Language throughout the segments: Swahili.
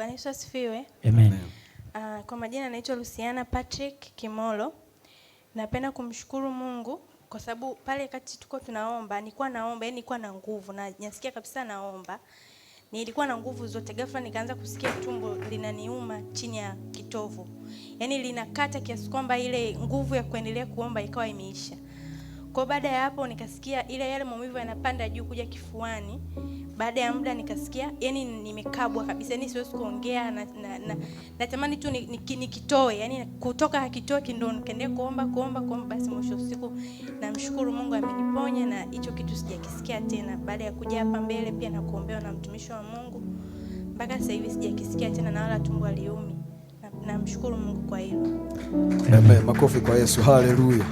Bwana Yesu asifiwe. Amen. Uh, kwa majina naitwa Luciana Patrick Kimolo. Napenda kumshukuru Mungu kwa sababu pale kati tuko tunaomba, nilikuwa naomba, yani nilikuwa na nguvu na nasikia kabisa naomba. Nilikuwa na nguvu zote, ghafla nikaanza kusikia tumbo linaniuma chini ya kitovu, yaani linakata kiasi kwamba ile nguvu ya kuendelea kuomba ikawa imeisha. Kwa baada ya hapo nikasikia ile yale maumivu yanapanda juu kuja kifuani. Baada ya muda nikasikia yani nimekabwa kabisa, yani siwezi kuongea na, na, na, natamani tu nikitoe ni, ni yani kutoka hakitoe kindono, nikaendelea kuomba kuomba kuomba. Basi mwisho usiku namshukuru Mungu ameniponya na hicho kitu sijakisikia tena. Baada ya kuja hapa mbele pia na kuombewa na mtumishi wa Mungu, mpaka sasa hivi sijakisikia tena na wala tumbo aliumi. Namshukuru na Mungu kwa hilo. Amen. Makofi kwa Yesu. Haleluya.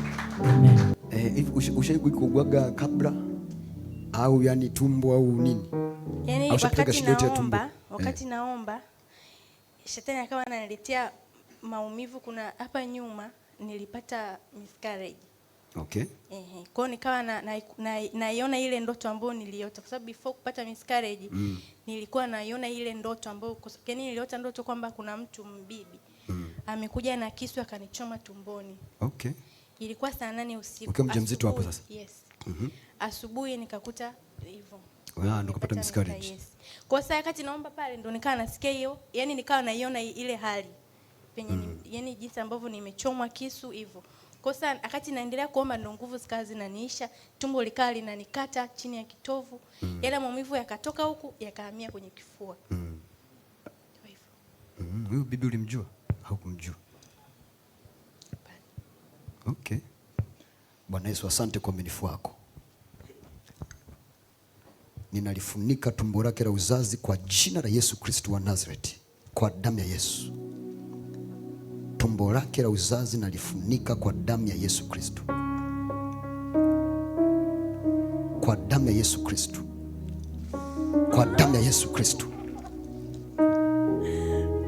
Amen eh, ushawahi kuugua kabla au yani tumbo au nini? Yani wakati naomba, eh. wakati eh, naomba shetani akawa ananiletea maumivu. Kuna hapa nyuma nilipata miscarriage. Okay. Eh, kwa hiyo nikawa naiona na, na, na, ile ndoto ambayo niliota kwa sababu before kupata miscarriage mm, nilikuwa naiona ile ndoto ambayo yaani niliota ndoto kwamba kuna mtu mbibi mm, amekuja na kisu akanichoma tumboni. Okay. Ilikuwa saa nane usiku. Ukiwa mjamzito hapo sasa? Yes. Mm-hmm. Asubuhi nikakuta hivyo. Ah, ndo kupata miscarriage. Yes. Kwa saa wakati naomba pale ndo nikawa nasikia hiyo, yani nikawa naiona ile hali. Penye mm. yani jinsi ambavyo nimechomwa kisu hivyo. Kwa saa wakati naendelea kuomba ndo nguvu zikawa zinaniisha, tumbo likawa linanikata chini ya kitovu. Mm. Yale maumivu yakatoka huku yakahamia kwenye kifua. Mm. mm huyu bibi ulimjua au kumjua? Okay. Bwana Yesu, asante kwa uaminifu wako. Ninalifunika tumbo lake la uzazi kwa jina la Yesu Kristo wa Nazareti, kwa damu ya Yesu. Tumbo lake la uzazi nalifunika kwa damu ya Yesu Kristo, kwa damu ya Yesu Kristo, kwa damu ya Yesu Kristo,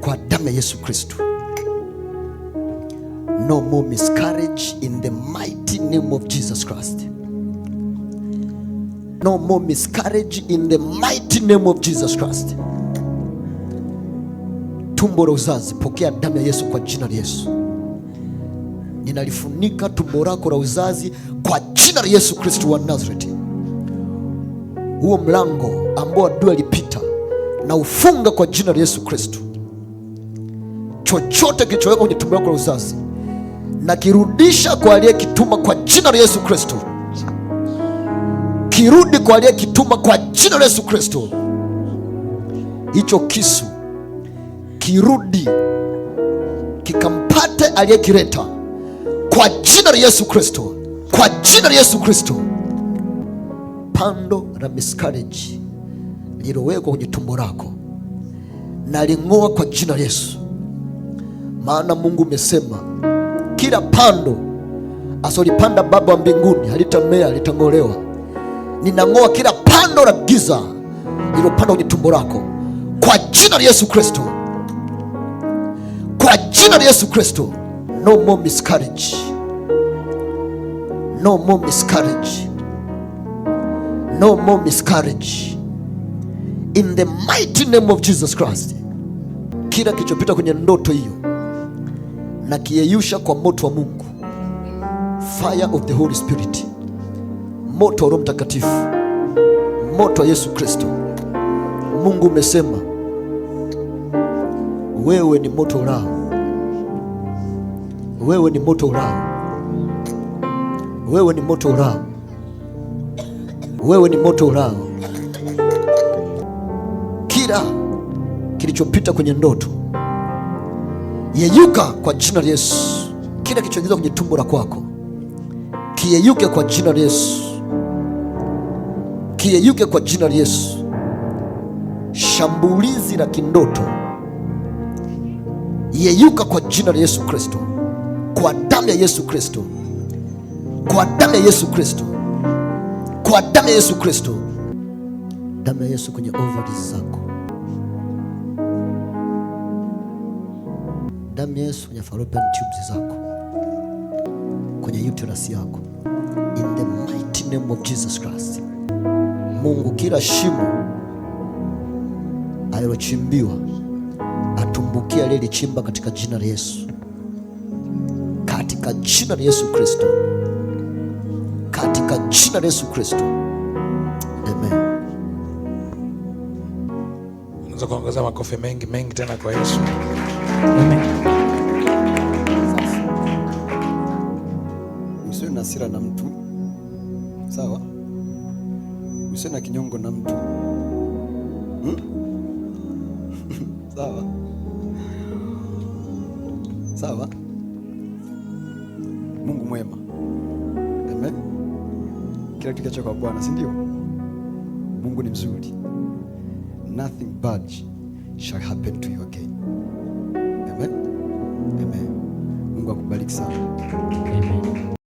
kwa damu ya Yesu Kristo no more miscarriage in the mighty name of Jesus Christ. No more miscarriage in the mighty name of Jesus Christ. Tumbo la uzazi pokea damu ya Yesu kwa jina la Yesu. Ninalifunika tumbo lako la uzazi kwa jina la Yesu Kristo wa Nazareti. Huo mlango ambao adui alipita na ufunga kwa jina la Yesu Kristo. Chochote kilichowekwa kwenye tumbo lako la uzazi nakirudisha kwa aliyekituma kwa jina la Yesu Kristo. Kirudi kwa aliyekituma kwa jina la Yesu Kristo. Hicho kisu kirudi kikampate aliyekileta kwa jina la Yesu Kristo, kwa jina la Yesu Kristo. Pando la miskareji lilowekwa kwenye tumbo lako na ling'oa kwa jina la Yesu, maana Mungu umesema kila pando asolipanda Baba wa mbinguni halitamea, litang'olewa. Ninang'oa kila pando la giza lilopanda kwenye tumbo lako kwa jina la Yesu Kristo, kwa jina la Yesu Kristo. No more miscarriage, no more miscarriage, no more miscarriage in the mighty name of Jesus Christ. Kila kilichopita kwenye ndoto hiyo na kiyeyusha kwa moto wa Mungu, fire of the Holy Spirit, moto wa Roho Mtakatifu, moto wa Yesu Kristo. Mungu umesema wewe ni moto ulao, wewe ni moto ulao, wewe ni moto ulao, wewe ni moto ulao. Kila kilichopita kwenye ndoto yeyuka kwa jina la Yesu. Kile kilichoingizwa kwenye tumbo la kwako kiyeyuke kwa jina la Yesu, kiyeyuke kwa jina la Yesu. Shambulizi la kindoto yeyuka kwa jina la Yesu Kristo, kwa damu ya Yesu Kristo, kwa damu ya Yesu Kristo, kwa damu ya Yesu Kristo, damu ya Yesu kwenye ovaries zako damu ya Yesu kwenye fallopian tubes zako, kwenye uterus yako, in the mighty name of Jesus Christ. Mungu, kila shimo alilochimbiwa atumbukia chimba katika jina la Yesu, katika jina la Yesu Kristo, katika jina la Yesu Kristo, amen. Unaweza kuongeza makofi mengi mengi tena kwa Yesu, amen. hasira na mtu sawa, usiwe na kinyongo na mtu hmm? sawa sawa. Mungu mwema, amen. Kila kitu kinachoka Bwana, si ndio? Mungu ni mzuri, nothing bad shall happen to you again. Amen, amen. Mungu akubariki sana. Amen.